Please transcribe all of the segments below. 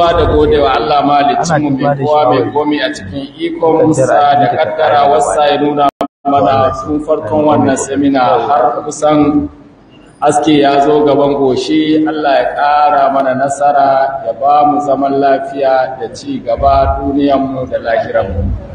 ba da godewa Allah mahaliccinmu mai kowa mai komi a cikin ikon musa da kaddara wasa ya nuna mana tun farkon wannan semina har kusan aske ya zo gaban goshi Allah ya ƙara mana nasara ya ba mu zaman lafiya da ci gaba duniyanmu da lahiranmu.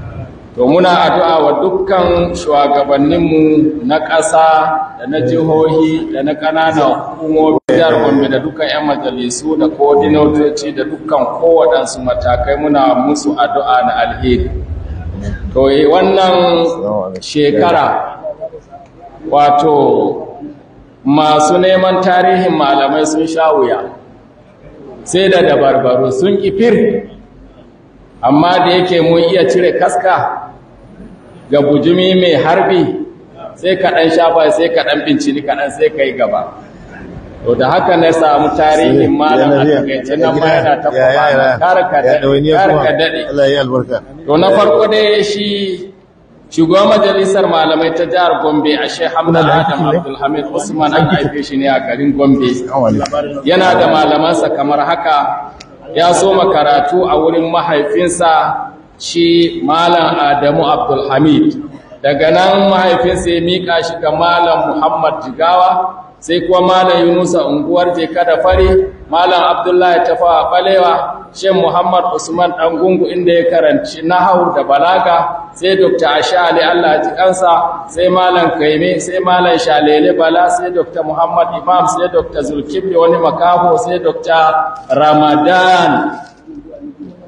to muna addu'a wa dukkan shugabanninmu na ƙasa da na jihohi da na ƙananan hukumomi jihar Gombe da dukkan 'yan majalisu da kodinotoci da dukkan kowaɗansu matakai muna musu addu'a na alheri. To eh, wannan shekara wato masu neman tarihin malamai sun sha wuya sai da dabarbaru sun ƙifir amma da yake mun iya cire kaska ga bujumi mai harbi sai ka ɗan shafa sai ka ɗan ni kaɗan sai ka yi gaba to da haka na samu tarihin malam a takaice nan ma yana ta kuma ka daɗe to na farko dai shi shugaban majalisar malamai ta jihar gombe a shi hamdan adam abdulhamid usman an haife shi ne a garin gombe oh, yana da malamansa kamar haka ya soma karatu a wurin mahaifinsa shi malam adamu abdulhamid daga nan mahaifinsa ya mika shi ga malam muhammad jigawa sai kuwa malam yunusa unguwar jeka da fari malam abdullahi tafawa balewa shan muhammad usman dan gungu inda ya karanci na hau da balaga sai dr Ali allah ji kansa sai malam kaime sai malam shalele bala sai dr muhammad imam sai dr zulkifli wani makaho sai dr ramadan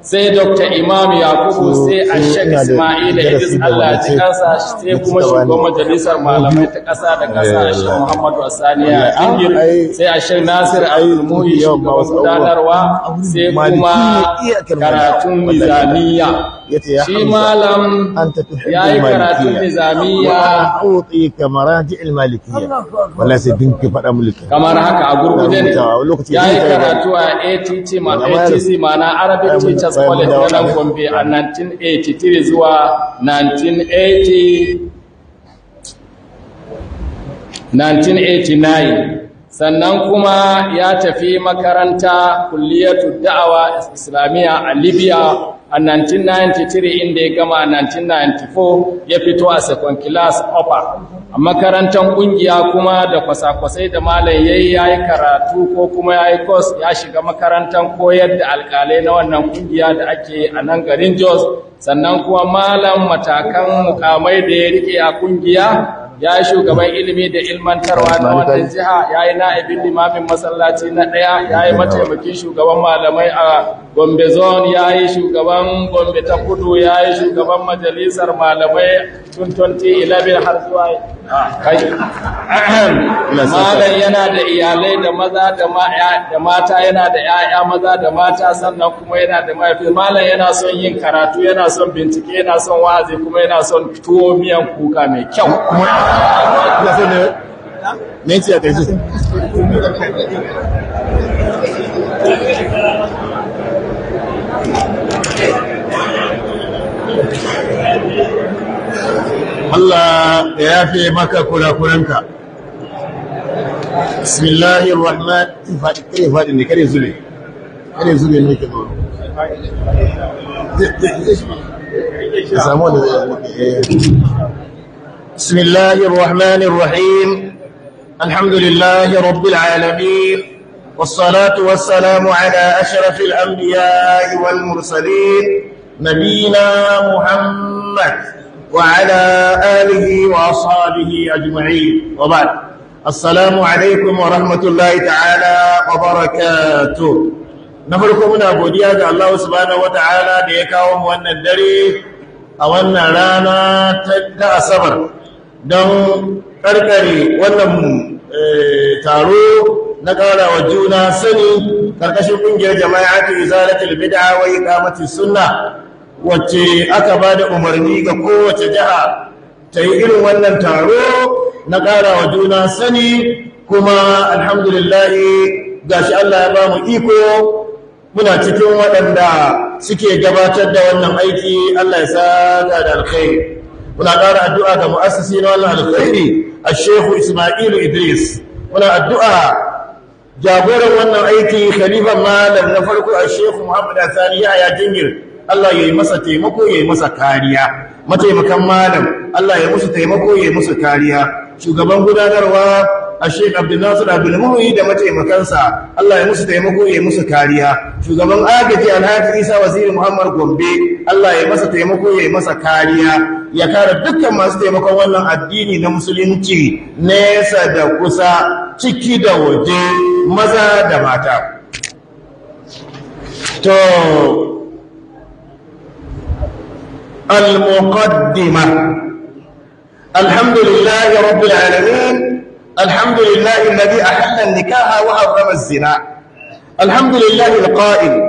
sai Dr. Imam Yakubu sai shek Ismail da Idris Allah ji kasa sai kuma shugaban majalisar malamai ta ƙasa da ƙasa eh, shi Muhammadu Asaniya Ingil sai a shek Nasir Abdul Muhi shugaban gudanarwa sai kuma karatun nizaniya yace ya shi malam anta tuhibbu karatu wa uti kamarati malikiyya wala dinki fada mulki kamar haka a gurguje ne yayi karatu a ATT ma ATC mana Arabic Teachers College na Gombe a 1983 zuwa 1980 1989 sannan kuma ya tafi makaranta kulliyatu da'awa islamiyya a libya a 1993 inda ya gama a 1994 ya fito a second class upper a makarantar kungiya kuma da kwasa-kwasai da malam ya yi karatu ko kuma ya yi course ya shiga makarantar koyar da alkalai na wannan kungiya da ake a nan garin Jos sannan kuma malam matakan mukamai da ya rike a kungiya ya yi shugaban ilimi da ilmantarwa na wannan jiha ya yi na'ibin limamin masallaci na ɗaya ya yi mataimakin shugaban malamai a gombe zone ya yi shugaban gombe ta kudu ya yi shugaban majalisar malamai tun 2011 har zuwa malam yana da iyalai da maza da mata yana da ‘ya'ya maza da mata sannan kuma yana da mafi malam yana son yin karatu yana son bincike yana son wa'azi kuma yana son tuwo miyan kuka mai kyau ne ce Allah ya yafe maka kurakuranka bismillahir rahman fadi fadi ne kare zube kare zube ne ke zo بسم الله الرحمن الرحيم الحمد لله رب العالمين والصلاة والسلام على أشرف الأنبياء والمرسلين نبينا محمد وعلى آله وأصحابه أجمعين وبعد السلام عليكم ورحمة الله تعالى وبركاته na farko muna godiya da Allah subhanahu wataala da ya kawo mu wannan dare a wannan rana ta asabar don karkare wannan taro na ƙara wa juna sani ƙarƙashin ƙungiyar jama'a ta izalatul bid'a wa iqamatis sunna wacce aka ba da umarni ga kowace jiha ta yi irin wannan taro na ƙara wa juna sani kuma alhamdulillahi gashi Allah ya ba mu iko muna cikin waɗanda suke gabatar da wannan aiki Allah ya saka da alkhairi muna ƙara addu'a ga mu'assisi na wannan alkhairi a shehu Ismailu Idris muna addu'a jagoran wannan aiki khalifan malam na farko a shehu Muhammad Asani ya jingir Allah ya yi masa taimako ya yi masa kariya mataimakan malam Allah ya musu taimako ya yi musu kariya shugaban gudanarwa a sheik abdullahi abdulmuhi da mataimakansa Allah ya musu taimako ya yi musu kariya shugaban agaji alhaji isa waziri muhammad gombe Allah ya masa taimako ya yi masa kariya ya kare dukkan masu taimakon wannan addini na musulunci nesa da kusa ciki da waje maza da mata to المقدمة الحمد لله رب العالمين الحمد لله الذي أحل النكاح وحرم الزنا الحمد لله القائل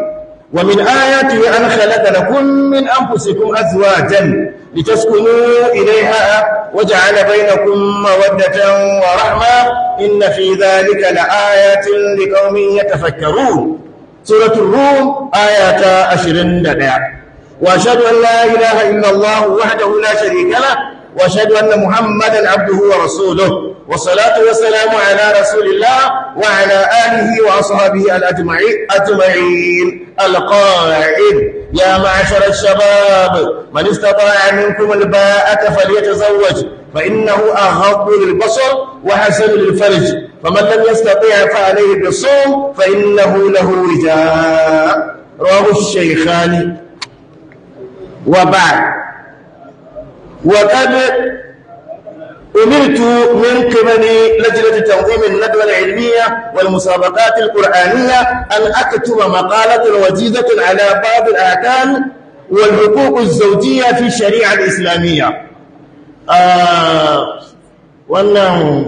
ومن آياته أن خلق لكم من أنفسكم أزواجا لتسكنوا إليها وجعل بينكم مودة ورحمة إن في ذلك لآيات لقوم يتفكرون سورة الروم آيات أشرين دقيقة وأشهد أن لا إله إلا الله وحده لا شريك له وأشهد أن محمدا عبده ورسوله والصلاة والسلام على رسول الله وعلى آله وأصحابه الأجمعين اجمعين القاعد يا معشر الشباب من استطاع منكم الباءة فليتزوج فإنه اهض للبصر وحسن للفرج فمن لم يستطيع فعليه بالصوم فإنه له وجاء رواه الشيخان وبعد وقد أمرت من قبل لجنة تنظيم الندوة العلمية والمسابقات القرآنية أن أكتب مقالة وجيزة على بعض الآكام والحقوق الزوجية في الشريعة الإسلامية آه وأنه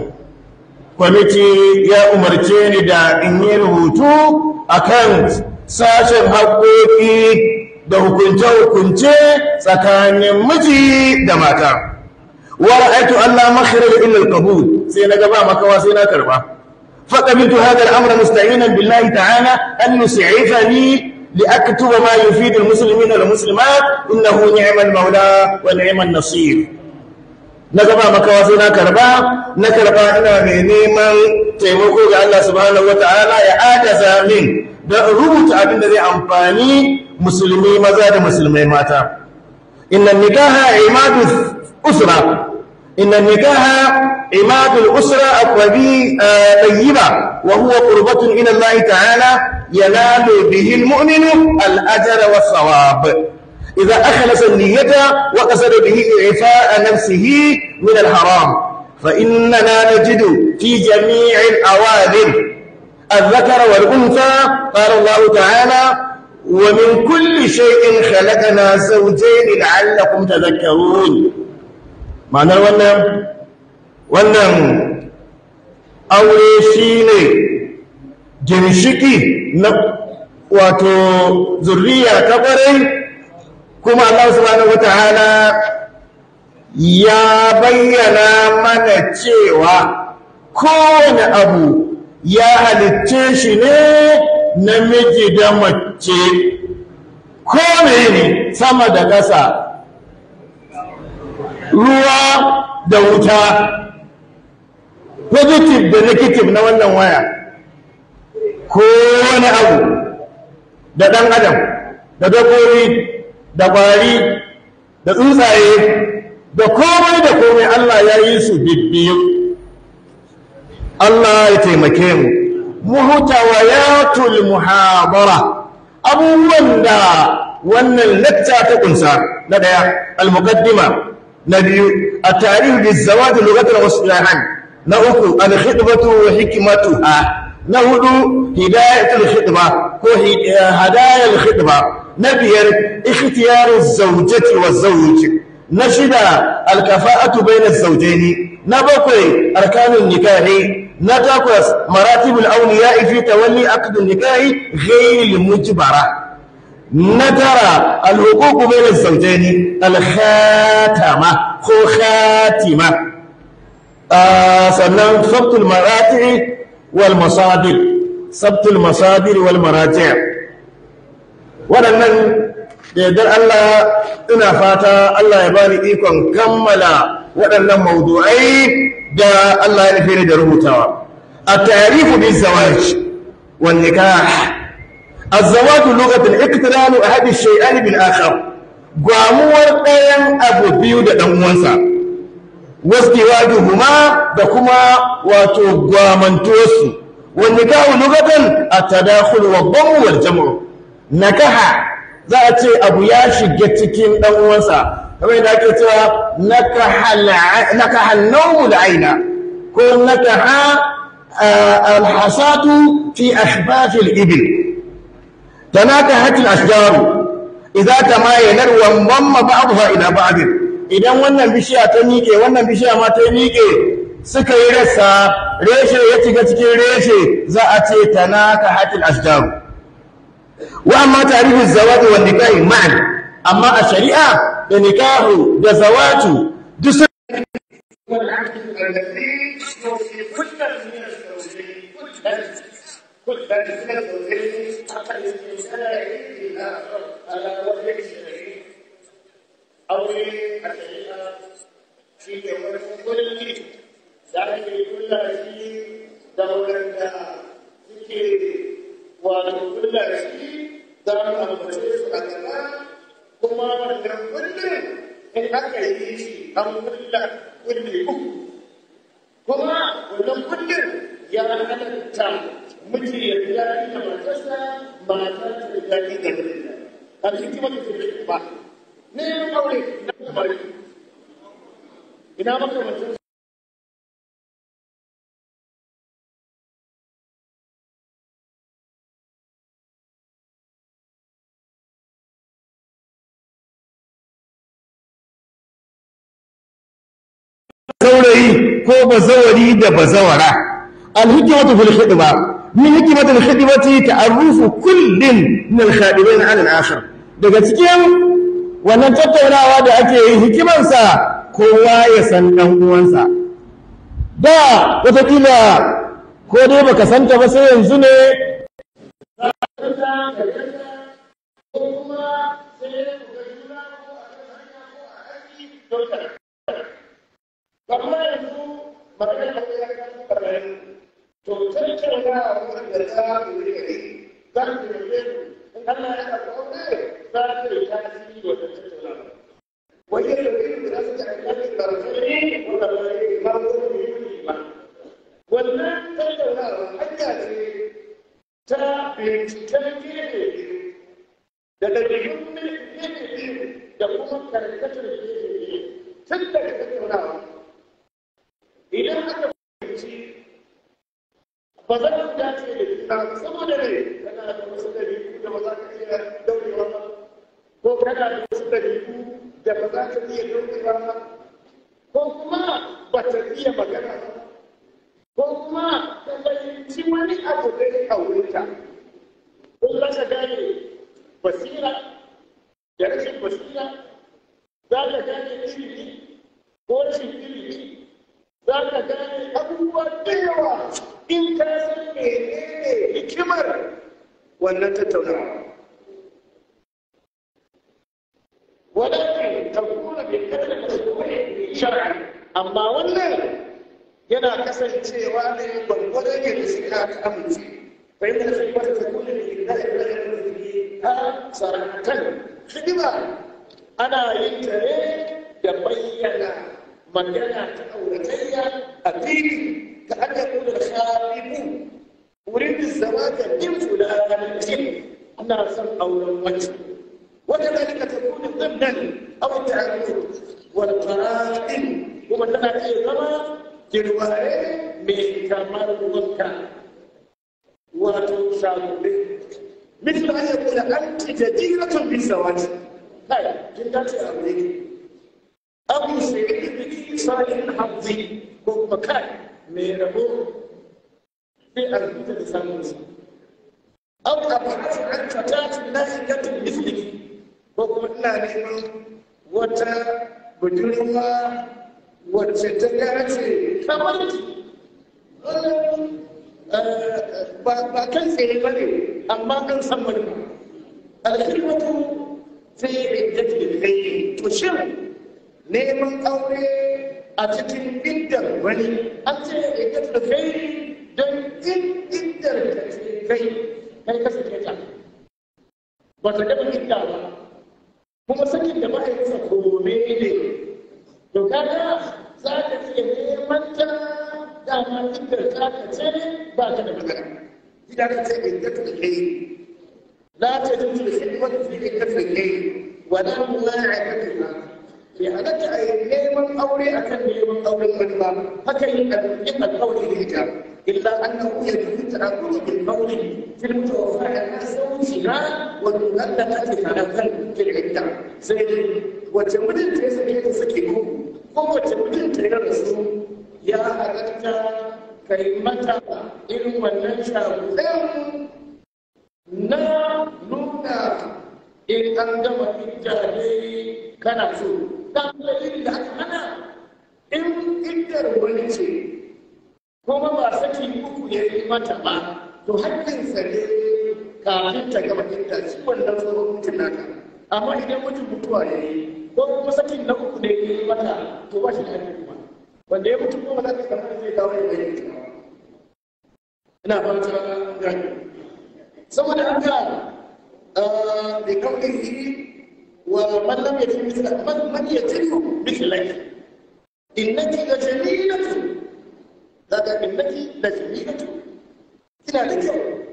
kwamiti ya umarce ni da in yi rubutu a kan sashen haƙoƙi da hukunce-hukunce tsakanin miji da mata. Wa ra'aitu Allah makhrajan ila al-qabul sai na gaba makawa sai na karba. Fa qabiltu hadha al-amra musta'inan billahi ta'ala an yusaifani li aktuba ma yufidu al-muslimina wal-muslimat innahu ni'mal mawla wa ni'man nasir. Na gaba makawa sai na karba na karba ana mai neman taimako ga Allah subhanahu wa ta'ala ya adaza min da rubuta abin da zai amfani musulmi maza da musulmai mata inna nikaha imadu usra inna nikaha imadu usra aqwabi eh, tayyiba wa huwa qurbatun ila allah ta'ala yanalu bihi almu'minu al-ajra wa thawab idha akhlasa niyyata wa qasada bihi ifa'a nafsihi min al-haram fa inna najidu fi jami'in al-awadhim الذكر والأنثى قال الله تعالى ومن كل شيء خلقنا زوجين لعلكم تذكرون معنى wannan wannan aure shine ginshiki na wato zurriya ta kwarai kuma Allah subhanahu wataala ya bayyana mana cewa kowane abu ya halitce shi ne namiji da mace ko ne sama da ƙasa ruwa da wuta positive da negative na wannan waya ko wani abu da ɗan adam da dabbobi da ƙwari da tsuntsaye da komai da komai Allah ya yi su bibbiyu Allah ya taimake mu muhtawayatul muhabara abubuwan da wannan lacca ta kunsa na daya al-muqaddima na biyu at-tarikh bizawaj lughatan wa istilahan na uku al-khidbatu wa hikmatuha na hudu hidayatul khidba ko eh, hadayatul khidba na biyar ikhtiyaruz zawjati wa zawj na shida al-kafa'atu bayna az na bakwai arkanun nikahi na takwas maratibul awliya fi tawalli aqdun nikahi ghayril mujbara na tara alhuquq bayna zawjaini alkhatama ko khatima sannan sabtul marati wal masadir sabtul masadir wal marati wadannan da Allah ina fata Allah ya bani ikon kammala waɗannan maudu'ai da Allah ya nufi ni da rubutawa at-ta'rifu biz-zawaj wan nikah az-zawaj lughatu al ahadi ash bil-akhar gwamuwar ɗayan abu biyu da ɗan uwansa wasgiwajuhuma da kuma wato gwamantosu wani kawu lugatan a tadakhul wa dhammu wal jam'u nakaha za a ce abu ya shiga cikin ɗan uwansa kamar yadda ake cewa naka hannawu da aina ko naka ha alhasatu fi ashbafil ibil tanaka hatil ashjaru idza tamayanar wa mamma ba'dha ila idan wannan bishiya ta mike wannan bishiya ma ta mike suka yi rasa reshe ya shiga cikin reshe za a ce tanaka hatil ashjaru wa amma tarihin zawaji wa nikahi ma'an amma a shari'a da nikahu da zawatu duk sun aure a shari'a shi ke wato kulla da shi za mu ambace su a gaba kuma wannan kullum in aka yi shi an kulla kulli uku kuma wannan kullum ya halatta miji ya yaƙi da matarsa mata ta yaƙi da mijinta a cikin wani kullum ba ne aure na kamar ina maka mutum saurayi ko bazawari da bazawara alhikimatu fil khidma min hikimatu fil khidmati ta'arrufu kullin min al-khadimin 'ala al daga cikin wannan tattaunawa da ake yi hikimansa kowa ya san dan uwansa da kila ko dai baka santa ba sai yanzu ne ba yanzu magana da ya kasu kamarin to tattaunawa wanda za mu yi za mu yi gari in ya karɓa wanda za su yi tasiri wajen tattaunawa wajen da wani da su ta aikatar barzani wanda ba ya yi marmar da yi ba wannan tattaunawa hanya ce ta binciken gefe da ɗabi'un gefe da kuma karkatar gefe tun daga tattaunawa idan aka fahimci ba za ka dace da juna saboda ne kana da wasu dabi'u da ba za ka iya daurewa ba ko kana da wasu dabi'u da ba za ka iya daurewa ba ko kuma ba ta iya magana ba ko kuma ta fahimci wani abu da ya aureta kun za ka gane basira da rashin basira za ka gane ilimi ko rashin ilimi za ka gane abubuwa da yawa in ka san menene hikimar wannan tattaunawa walakin kada da kadar ne, shar'an amma wannan yana kasancewa ne gwargwadon yadda suka ta da fahimtar sai ba ta takuna bi kadar masbuhi ha saratan hidima ana yin tare ne da bayyana magana ta auratayya a fili ta addabu da khalibu wurin da zama ta da alamanci ana son auren mace wata dalika ta kuna zannan abu ta hannu walfara'in kuma tana iya zama girware mai kamar wanka wato shagulai مثل أن يقول أنت جديرة بالزواج. لا، جدا تعملين. hamzi salihin hamzi ko kuma kai mai rabo sai a rubuta da samunsa aw abhasu an fatatin lahiqatin mithliki ko kuma ina neman wata budurwa wacce ta dace kamar ba kan tsaye ba ne amma an san manufa alhikmatu fi iddati al-ghayb to shin neman aure a cikin indar wani an ce iddar da kai don in iddar da kai kai ka sake ta ba ta gama idda ba kuma sakin da mahaifinsa kome ne to kaga za ka iya neman ta dama iddar ta ka ce ba ta da magana gida ka ce iddar da kai لا تجوز ka في الكفر كي ولا مواعظتها bai halatta a yi neman aure a kan neman auren wani ba haka yin yin alƙawari da ita illa an na wuya da fita a kuri bin aure filin ta wafa da na sauci na wani wanda ta ke fara kan filin sai wace mutum ta yi sake ta sake ko ko wace mutum ta yi rasu ya halatta ka yi mata irin wannan shagulan na nuna in an gama hijja ne kana so da dalilin da aka hana in iddar wani ce kuma ba saki uku ya yi mata ba to hakkinsa ne kafin ta gama idda shi wannan tsoron mutum naka amma idan mutum mutuwa ya yi ko kuma sakin na uku ne ya yi mata to ba shi da hakkin kuma wanda ya mutu kuma za kamar zai kawo ya yi ina gani saboda haka da nau'in ومن لم يجد مثلك من من يجد مثلك إنك لجميلة هذا إنك لجميلة إلى اليوم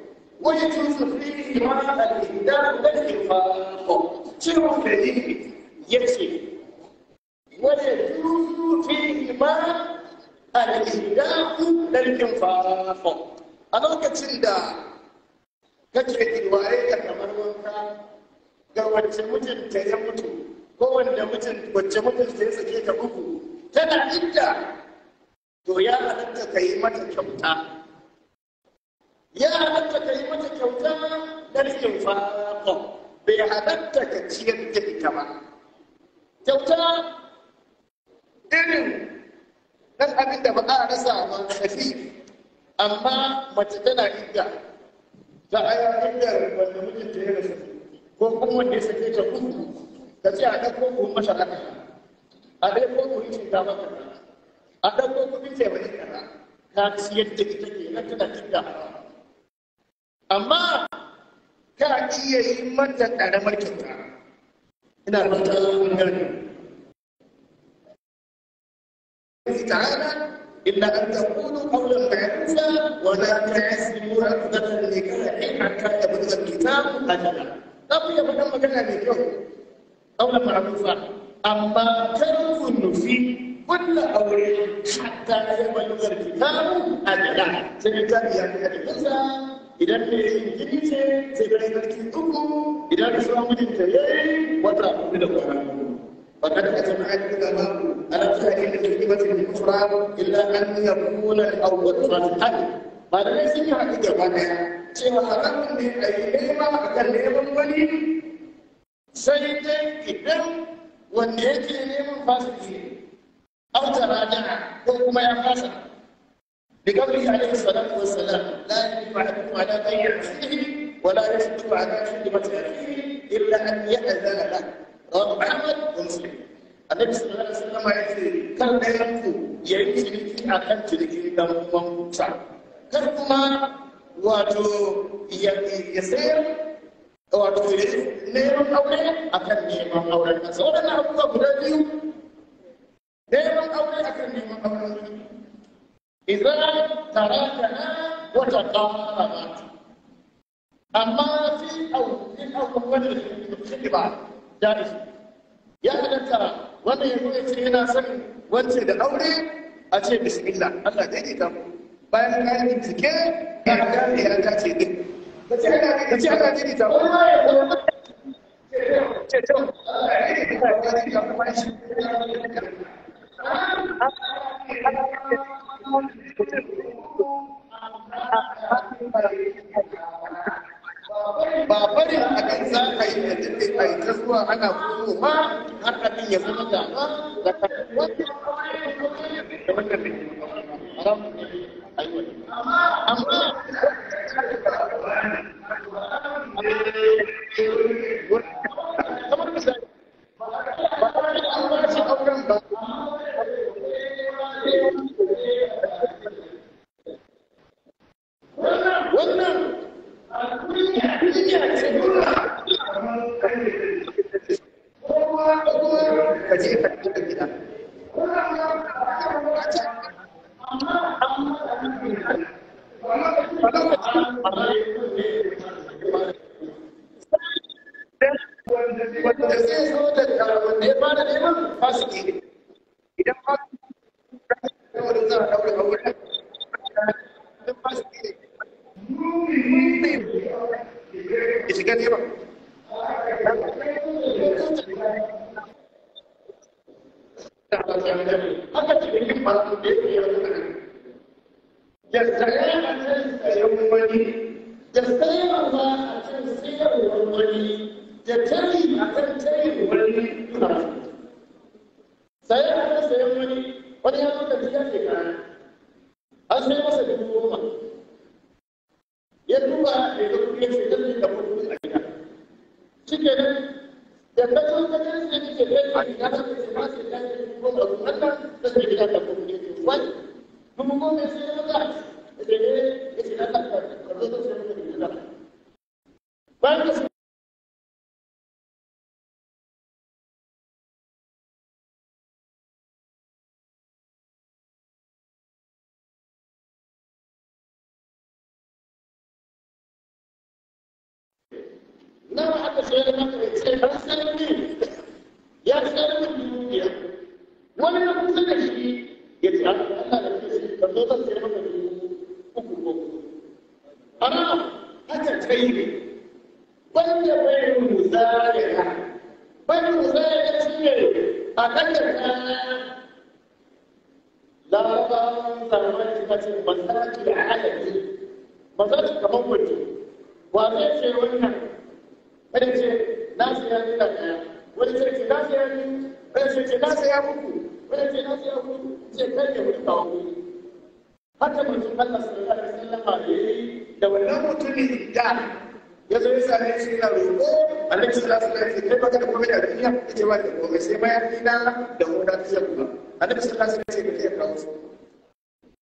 ويجوز فيهما الإهداء والإنفاق شنو فيه يجب ويجوز فيهما الإهداء والإنفاق أنا كتشندا كتشندا وأيضا كمان وانت ga wacce mutunta ya mutu ko wanda wacce mutunta ya sake ta uku tana idda to ya halatta ka yi mata kyauta ya halatta ka yi mata kyauta dan infaqo bai halatta ka ciyar da ita ba kyauta irin nan abin da ba a rasa ba tafi amma mace tana idda ta a inda wanda mutunta ya rasa ko kuma wanda ya sake ta kudu ka ce a ɗauko kuwan masara ka a ɗauko kuwan shinkafa ka a ɗauko kuwan taimakon ka ka siyar da ita ke nan tana kinga amma ka iya yi mata ƙaramar kyauta ina da mata zuwan gari تعالى إلا أن تقولوا قولا معروفا ولا a عقدة da حتى يبلغ الكتاب أجله za ku iya faɗin magana mai kyau ƙaula ma'arufa amma kar ku nufi kulla aure hatta na yi balugar kitabu a jada sai littafi ya kai da idan ne gini ce sai da sarki uku idan su mijinta ya yi wata hudu da kwana وقد أجمعت العلماء على تحريم الكلمة الكفرى إلا أن يكون الأول صالحا ما لم يسمع إجابة cewa haɗannan da ya yi nema a kan neman wani sai dai idan wanda yake neman fasa ne auta rajana ko kuma ya fasa da gabri a yi salatu wa salam la yi ba a duk ma da bayyana su ne wa la yi su tuba a gashi da mata yi illa an yi a zana da rawar muhammad wa musulmi annabi sallallahu alaihi wasallam ya ce kan da yanku yayi ciniki akan cinikin dan mamuta kar kuma wato ya sayar wato neman aure a kan neman auren waɗannan abubuwa guda biyu neman aure a kan neman auren idan na wata amma fi da ke ba ya wannan ya ce yana son wance da aure a ce bismillah Allah daidaita mu bayan kayan bincike ya gane ya dace din ka ce ana gini ta ba a kan za yi da duk ta zuwa ana kuma har abin ya masu bibiyar mutane da sayan a kan sayan wani a kan sayarwar wani da tari a kan tarin wani suna sayan a kan sayan wani wani ya zo da jiya ke kaya an sai masa dubu goma ya duba da ya kuɗi ya ce zan da kuɗi The federal students and integrated government was elected for a member of the United Community. One, who moved the civil rights, the United is not a part of the civil rights. One is Now, at the same time, masaki a alaji masaki kamar waje wa zai ce wannan ɗan ce na siya nila ɗaya wani ce ce na siya ni wani ce ce na siya muku wani ce na siya muku ce kar ya wuri kawo wuri haka mutum Allah sallallahu alaihi wasallam ya yi da wannan mutumin da ya zo ya same shi yana roƙo annabi sallallahu alaihi wasallam ya ce kai baka da komai da duniya ya ce ba da komai sai bayan dina da kuma da ta kuma annabi sallallahu alaihi wasallam ya ce ka kawo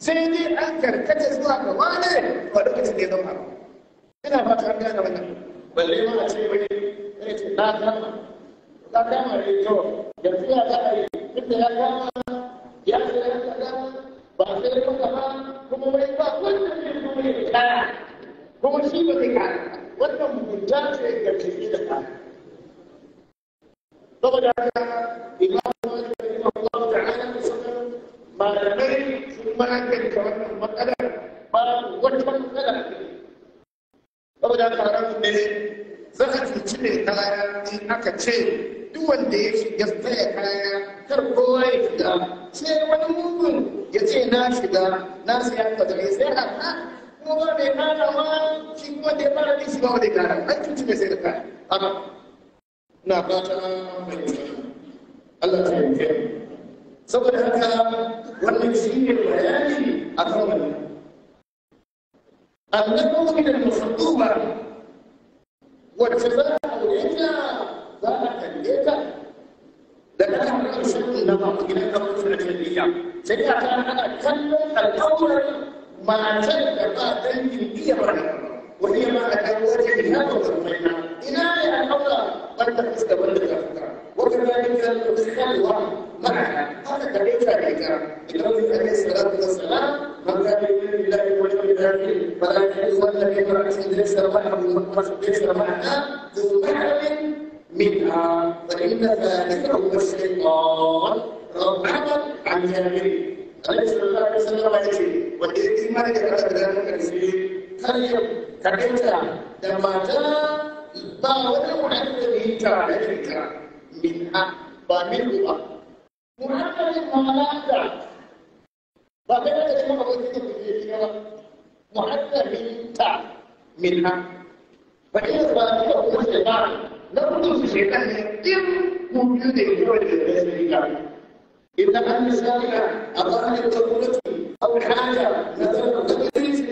sai dai an karkata zuwa ga wane ba lokacin da ya zama ina ba ta gane wannan balle ma a ce wani zai ce na kama ta kama ne to yanzu ya za a yi inda ya kama ya ce ya kama ba sai ya ba kuma wai ba wanda ne kuma ya kama kuma shi ba zai kama wannan mugunta ce ga jiki da kama saboda haka imam malamai su magance wannan matsalar ba wata matsala saboda taron ne za a cuci ne kaya in aka ce duk wanda ya shiga tsaya kaya kar kowa ya shiga sai wani mugun ya ce na shiga na siya ka da sai a ha kowa mai karawa shi wanda ya fara shi ba wani ya an cuci mai sai da kaya amma na Allah ta yi saboda haka wannan shi ne bayani a kan wannan annabawi musulma wacce za a aure ta za a kalle ta da ta hanyar shirin na mafi gidan kafin suna jirgiya sai a kan ana kallon al'aurar matar da ba dangin iya barna وهي ما أتزوجه هذا الرجل بناء على قد الأفكار وكذلك الخلوة معها هذا ليس ذلك لقوله عليه الصلاة والسلام من كان يؤمن بالله واليوم الآخر فلا يحل لك امرأة ليس معها ليس معها ذو محرم منها فإن ذلك هو الشيطان ربعنا عن جانبه عليه وسلم والسلام يقول والإيمان يتحدث عن التنزيل خير kadinka da mata ba wani muhaddari tare da ita min ha ba min ba muhammadin malaka ba ga da cikin abokin da kuke yi ba muhaddarin ta min ha ba ina ba ni ba kuma sai ba na kudu su shekan ne in mun biyu da yau da yau da yau إذا أن ذلك أظن الضرورة أو الحاجة نظرا تدريس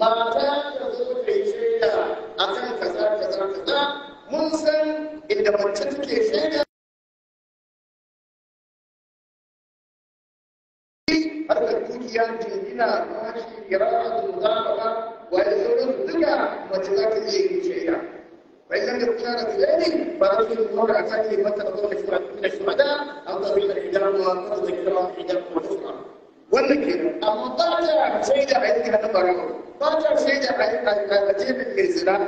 ما za ka zo da shaida a kan kaza kaza kaza mun san inda mace take shaida harkar dukiya jingina bashi kira'a zuzama wa da sauran duka mace za ta iya yin shaida فإن لم كانت ذلك فرجل المرأة تأتي مثلا من الشهداء أو تضرب الحجاب وتضرب الحجاب والأخرى والنكير أما طلعت سيدة عندها نظرة ba ta fi da aljibin mai zina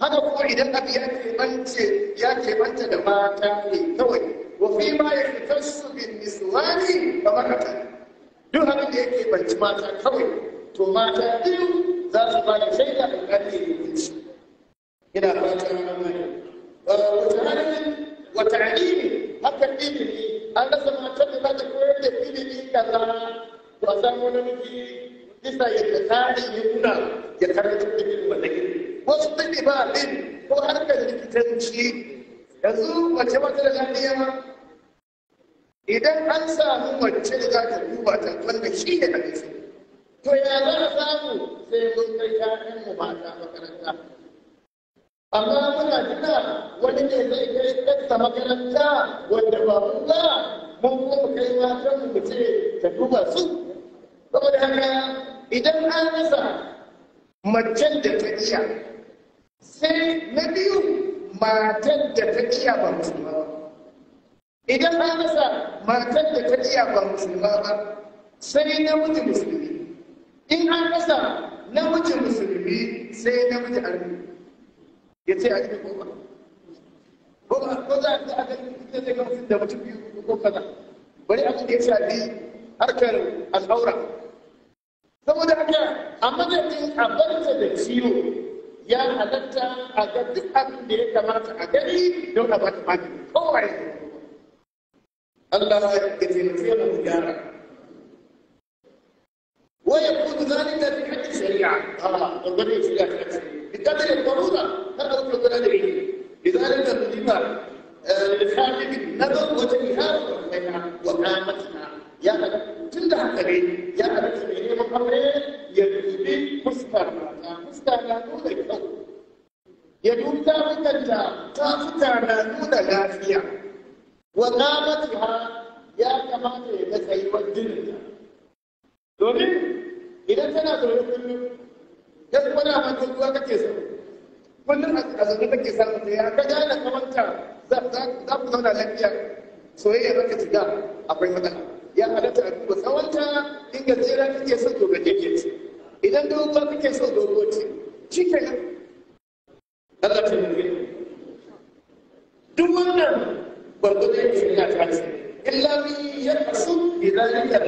haka kuma idan abu ya keɓance ya keɓanta da mata ne kawai wa fi ma ya fitar su bin niswani ba makata duk abin da ya keɓanci mata kawai to mata biyu za su ba da shaida da kan ne hukunci ina fata wata hannun wata alimi haka ilimi an rasa matar da za ta koyar da ilimi kaza to a wani namiji ya ta tashi ya kuna ya karanta da irin wannan wasu take ba din ko harkar likitanci yanzu wace wata da lafiya idan an samu wacce da za ta duba ta wanda shi ne hadisi to ya za a samu sai mun kai ƴaƴan mu ta makaranta amma muna jira wani ne zai kai ɗansa makaranta wanda ba mu ba mun kuma kai matan mu ce ta duba su idan an rasa macen da ta ciya sai na biyu matan da ta ciya ba musulma ba idan an rasa matan da ta ciya ba musulma ba sai na namiji musulmi in an rasa namiji musulmi sai na namiji arni ya ce a cikin kofa ko ba ko za a ta aka ita zai ga mutum da mutum biyu ko kaza bari a cikin shafi harkar al'aura saboda haka a madadin a barta da ciwo ya halatta a ga duk abin da ya kamata a gani don a bata magani kowai Allah ya taimake mu gyara waya kudu zalika bi hakki shari'a Allah da gani shari'a ta ce bi kadar darura ta dauke guda da ilimi لذلك الربا لخالد النذر وجهها وقامتها يا هلك tun da haka ne ya halatta mai neman aure ya dubi fuskar mata fuskar na nuna kyau ya dubi ta tafuka na nuna lafiya wa ha ya kamata ya ga tsayuwar jininta domin idan tana zaune kullum ya kuma na mata zuwa kake so kullum a zaune kake samun da ya kaga da kamanta za ku zauna lafiya soyayya za ka shiga akwai matsala ya halatta a duba tsawonta in gajera kake son to gajeriya ce idan dogo kake son dogo ce shi Allah ta yi duk wannan gwargwado yake yana tashi ni ya kasu idan ya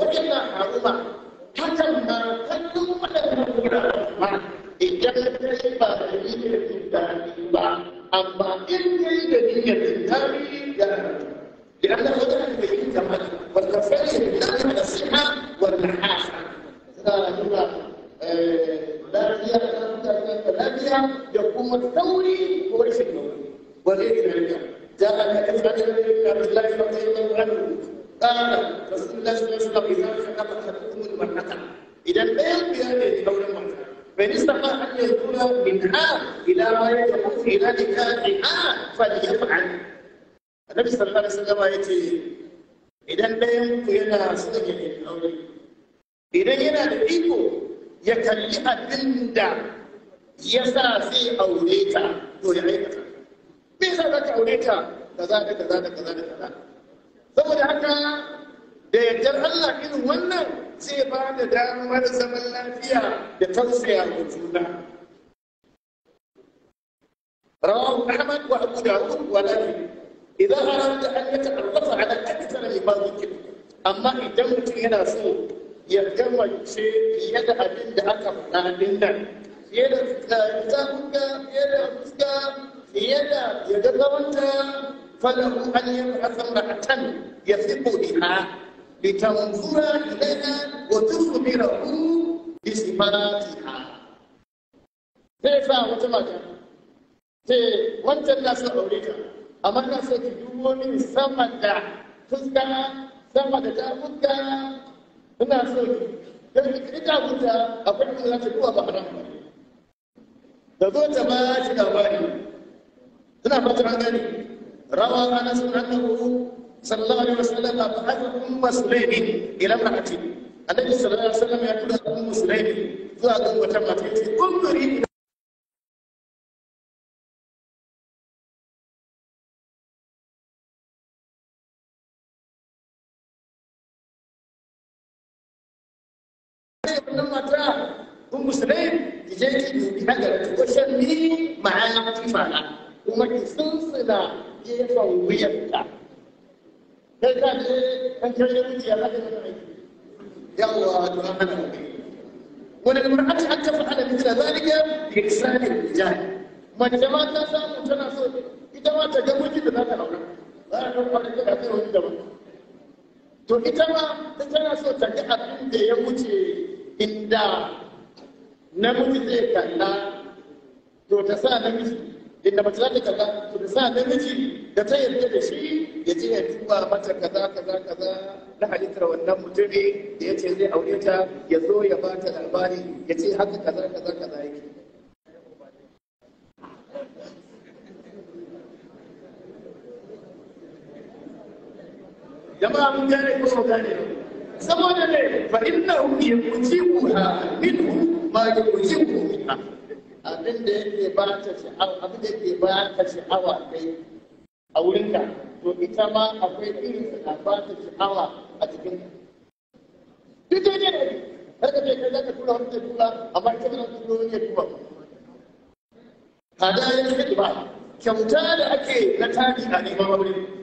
wadannan haruma hakan ma kallon wadannan wuraren ma idan kai ba da niyyar tunani ba amma in kai da niyyar da ya لأن الغدر المبين كمان والتفريش بالذات من الصحة والنحاسة هذا هو لابد آه، يقوم الثوري هو ليس النوري وليس العلم جاء أن يفعل عبد الله رضي الله قال رسول الله صلى الله عليه وسلم إذا خلق خلقكم المرأة إذا البيع بيده دولة المرأة فإن استطاع أن يكون منها إلى ما يتموت إلى نكاحها فليفعل annabi sallallahu alaihi wasallam ya ce idan ɗayan ku yana so ya aure idan yana da iko ya kalli abin da ya sa sai aure ta to ya aikata me yasa za ka aure ta kaza da kaza da kaza da kaza saboda haka da yadda Allah irin wannan zai ba da damar zaman lafiya da tausaya ga juna rawahu ahmad wa abu dawud wa nafi idan arada an ya ta'arrafa ala akthar min ma dhukira amma idan mutum yana so ya gamance fiye da abin da aka faɗa din nan fiye da tsarka fiye da fuska fiye da ya ga gabanta falahu an yab'atha ra'atan yathiqu biha litanzura ilayha wa tukhbirahu bi sifatiha Sai sa wata mata sai wancan na son aure ta amma na so ki dubo min sama da fuska sama da tafuska ina so ki ki ta huta akwai da zaki duwa duba ba haram da zo ta ba shi labari ina fatan gani rawa anas bin annahu sallallahu alaihi wasallam ba'atha ummu sulaimi ila imraati annabi sallallahu alaihi wasallam ya tura ummu sulaimi zuwa ga wata mata ce umri wannan mata kun musulai ki je ki dubi haka ko shan ni ma'ana kifana kuma ki tsuntsuna gefen wuyarta kai ka je kan kashe zuciya za ka zama aiki yawwa to an hana wani imra'ati an tafi ala mithla zalika bi tana ita ma ta da ta ita ma tana so ta ga abin da ya wuce inda namiji zai kalla to ta sa namiji inda mace za ta kalla to ta sa namiji da ta yarda da shi ya je ya tuba mata kaza kaza kaza na halittar wannan ne da ya ce zai aure ta ya zo ya ba ta labari ya ce haka kaza kaza kaza yake jama'a mun gane ko gane saboda ne fa inna innahu yujibuha minhu ma yujibu minha abin da yake ba ta sha'awa abin da yake ba ta sha'awa dai a wurin ka to ita ma akwai irin da ba ta sha'awa a cikin duk da ne kaga ne kaga ka tura wani tura amma ita ba ta tura wani tura hadayar ba kyauta da ake na tari a neman wani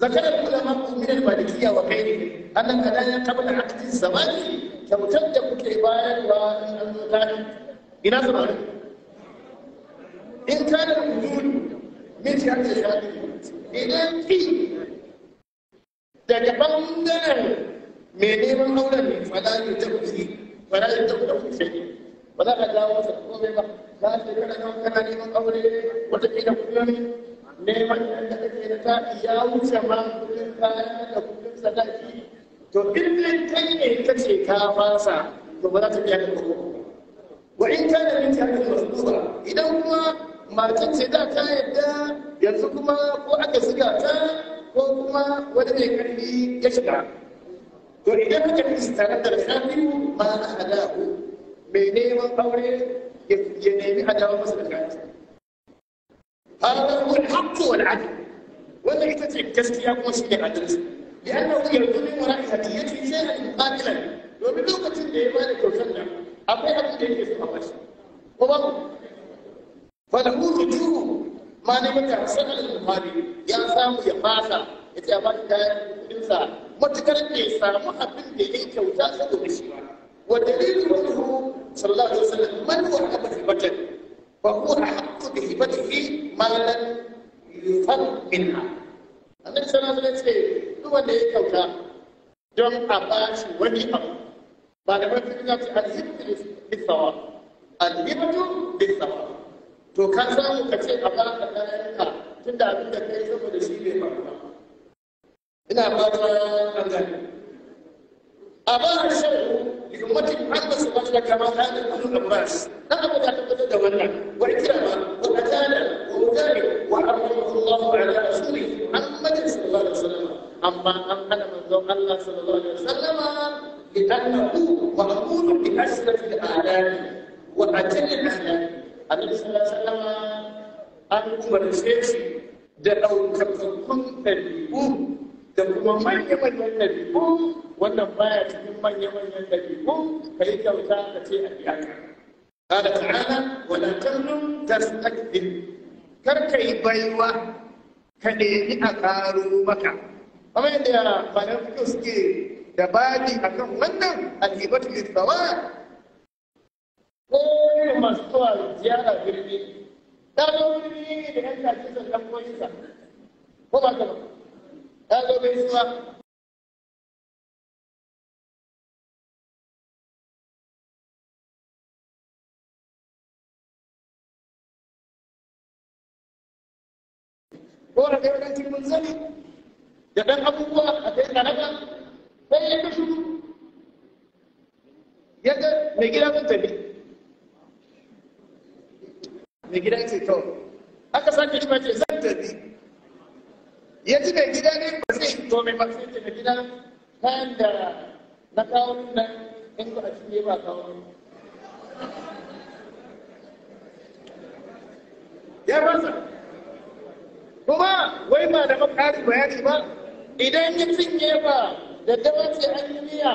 ذكر العلماء من المالكية وغيرهم أن الهدايا قبل عقد الزواج تمتد كعبارة وكان إلى زمان da كان الوجود من جهة الشهادة إذا في daga ɓangaren mai neman auren ne fada ne ta kusi fada ne ta kuɗa kusai ba za ka dawo masa komai ba za a shekara nawa kana neman aure wata kila kuɗi neman da kake da ta ya wuce ma kudin kaya da kudin sadaki to in dai kai ne ka ce ka fasa to ba za ta biya ka wa in kana min ta da masbuwa idan kuma matan ce da ta yadda yanzu kuma ko aka siga ta ko kuma wani mai karfi ya shiga to idan aka fi tare da rasabiyu ma na halahu mai neman aure ya nemi a dawo masa da kayan هذا هو الحق والعدل ولا يتجد كسكيا وشيء عدل لأنه يعدل من وراء هديته شيئا مقابلا ومن لوقة الإيمان كوكبنا أبي أبي دين في مقاش وبابو فله رجوع ما نمت سنة المقابل يا سامو يا باسا يا باسا إنسا متكرر إنسا ما أبين دين كوكبنا سنة المقابل ودليل قوله صلى الله عليه وسلم من هو أبو البجن فهو أحق بهبته ما لم يفن منها annabi sallallahu alaihi wasallam ce duk wanda ya kyauta don a ba shi wani abu ba da mafi ya ce alhibtu bisawa alhibtu bisawa to ka samu ka ce a ba ka kayanka tunda abin da kai saboda shi bai faru ba ina fata an gani amma shar'u لأمتي محمد صلى الله عليه وسلم كما قال ابن عباس لقد تعتقد دولا واكراما ومكانا ومكانا وحرمه الله على رسوله محمد صلى الله عليه وسلم أما أن أنا من الله صلى الله عليه وسلم لأنه مأمور بأشرف الأعلام وأجل الأعلام النبي صلى الله عليه وسلم أن أمر الشيخ da ɗaukakkun ɗabi'u da kuma manya-manyan ɗabi'u wannan baya cikin manya-manyan ɗabi'u ka yi kyauta ka ce a biya ka qala ta'ala wala tahnu tastakbir kar ka yi baiwa ka nemi a karo maka kamar yadda ya malam fito suke da babi akan wannan al-hibatu ko masu zuwa ziyara birni ta zo birni da yan kaji sun ɗan ko ba ka ba ya ga bai ko da gargancin mun sani da ɗan abubuwa a kai kanaka sai ya ga ya ga mai gida zan tafi mai gida ce kawai aka sake shi ma ce zan tafi ya ji mai gida ne ba zai to mai ba ce da gida kayan da na kawo nan in ba a cikin ba kawo ya fasa kuma wai ba da makari bayani ba idan ya cinye ba da dawace an yi miya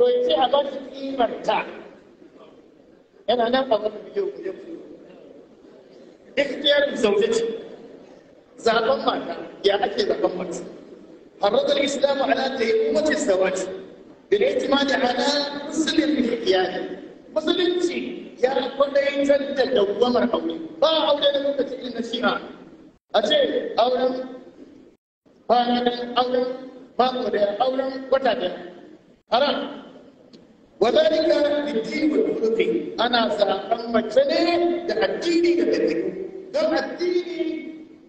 to ya ce a ba shi kimarta yana nan a wani bidiyo ku ya ku ikhtiyar sauke ce zaɓen mata ya ake zaɓen mata harrata islamu ala ta yi kuma ce sawaci da ne ma da hana sulin da iyali musulunci ya kwadaitar da dawwamar aure ba a aure da lokacin irin na shi'a a ce auren kwana da auren mako da auren wata da haram wadalika bidinul khuluqi ana zaɓen mace ne da addini da ɗabi'u don addini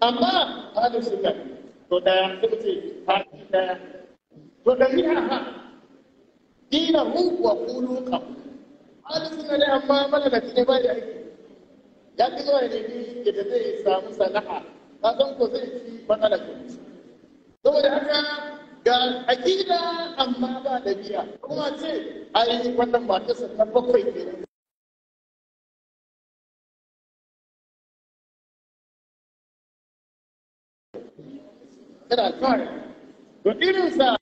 amma su sunna to da suka ce fati daya to da ni ha dina hu wa quluqa ahalin sunna ne amma mana da bai da aiki ya ki zuwa ne ni da zai samu sana'a ka san ko zai ci matsalar saboda haka ga aƙida amma ba da biya kuma ce ai wannan ba ta bakwai ke yana alfahari to irinsa